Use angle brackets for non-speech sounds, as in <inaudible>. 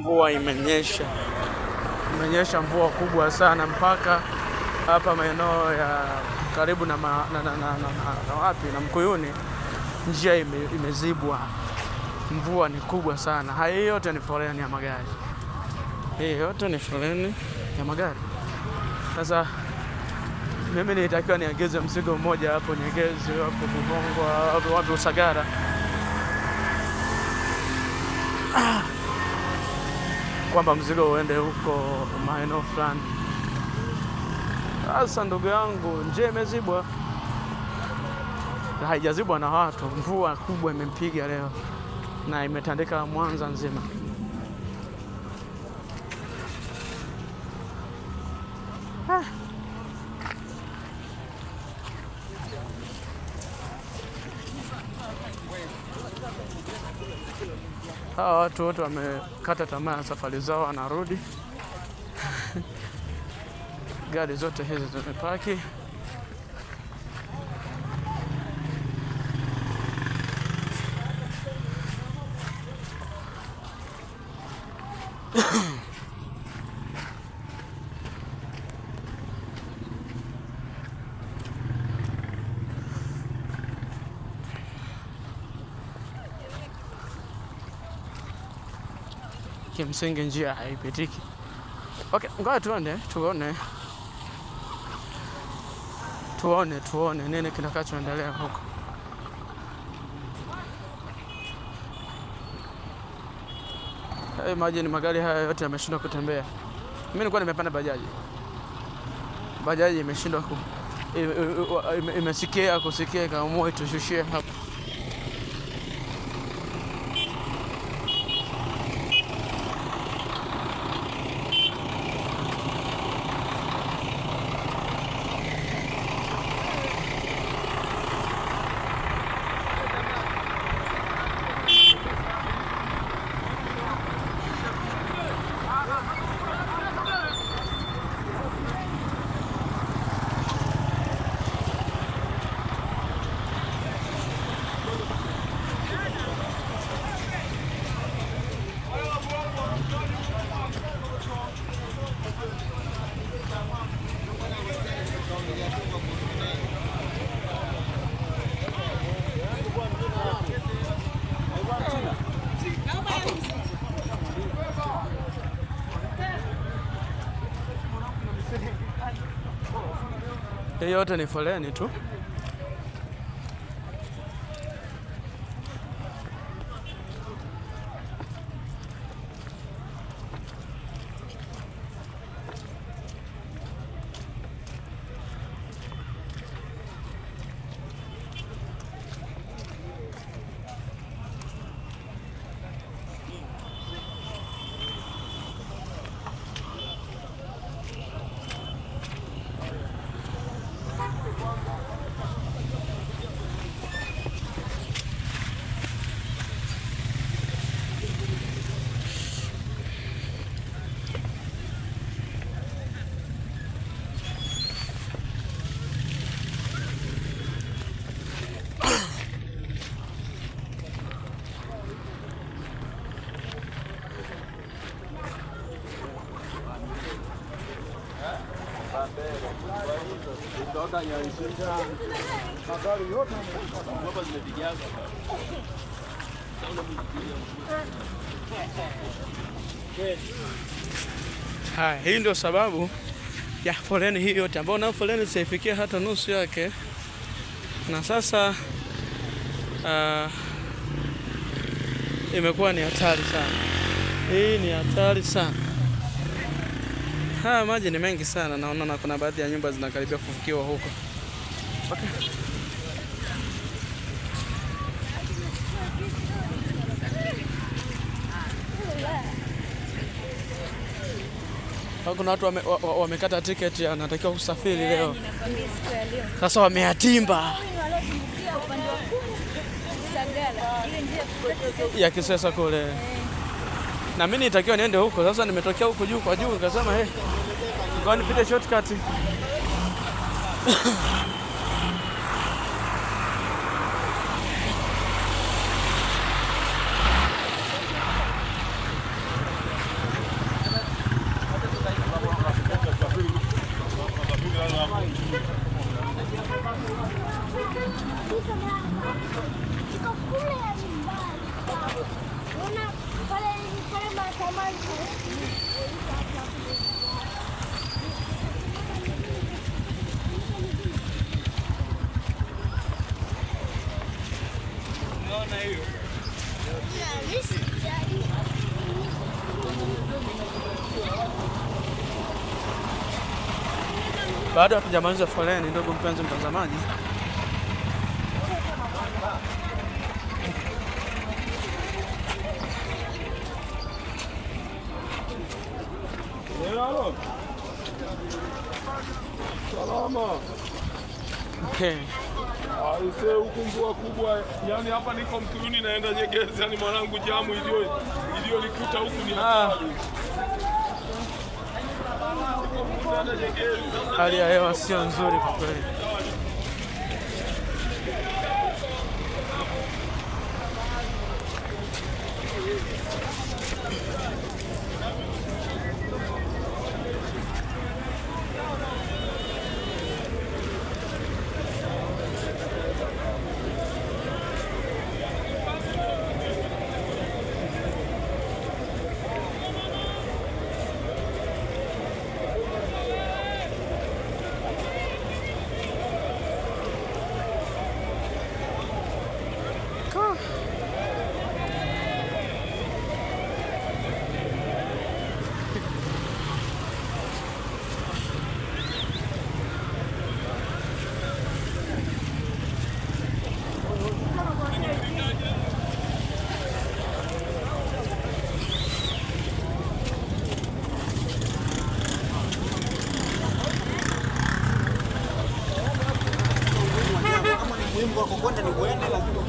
Mvua imenyesha, imenyesha mvua kubwa sana mpaka hapa maeneo ya karibu na, ma, na, na, na, na, na wapi na Mkuyuni, njia ime, imezibwa. Mvua ni kubwa sana. Haya yote ni foleni ya magari, hii yote ni foleni ya magari. Sasa mimi nilitakiwa niagize mzigo mmoja hapo Nyegezi, hapo Kigongwa, wapi Usagara. Ah! kwamba mzigo uende huko maeneo fulani. Sasa ndugu yangu, njia imezibwa, haijazibwa na watu. Mvua kubwa imempiga leo na imetandika Mwanza nzima. Ah. hawa watu wote wamekata tamaa ya safari zao, wanarudi. <laughs> Gari zote hizi zimepaki. kimsingi njia haipitiki. Okay, ngoja tuone tuone tuone tuone nini kitakachoendelea huko. Hey, maji ni magari haya yote yameshindwa kutembea. Mimi nilikuwa nimepanda bajaji, bajaji imeshindwa ku imesikia kusikia, ikaamua itushushie hapa. yote ni foleni tu. Haya, hii ndio sababu ya foleni hii yote ambayo na foleni saifikia hata nusu yake, na sasa uh, imekuwa ni hatari sana. Hii ni hatari sana. Haya maji ni mengi sana, naona na kuna baadhi ya nyumba zinakaribia kufukiwa huko. Kuna watu wamekata wame, tiketi anatakiwa kusafiri leo, sasa wameatimba ya Kisesa kule na mimi nitakiwa niende huko. Sasa nimetokea huko juu kwa juu, nikasema he ngoja nipite shortcut bado hatujamaliza foleni, ndugu mpenzi mtazamaji. Selam. Salama. Aise, huku mvua kubwa. Yaani hapa niko Mkuruni naenda Nyegezi, yaani mwanangu jamu iliyolikuta huku ni Hali ya hewa sio nzuri kwa kweli. 我这里，我这里。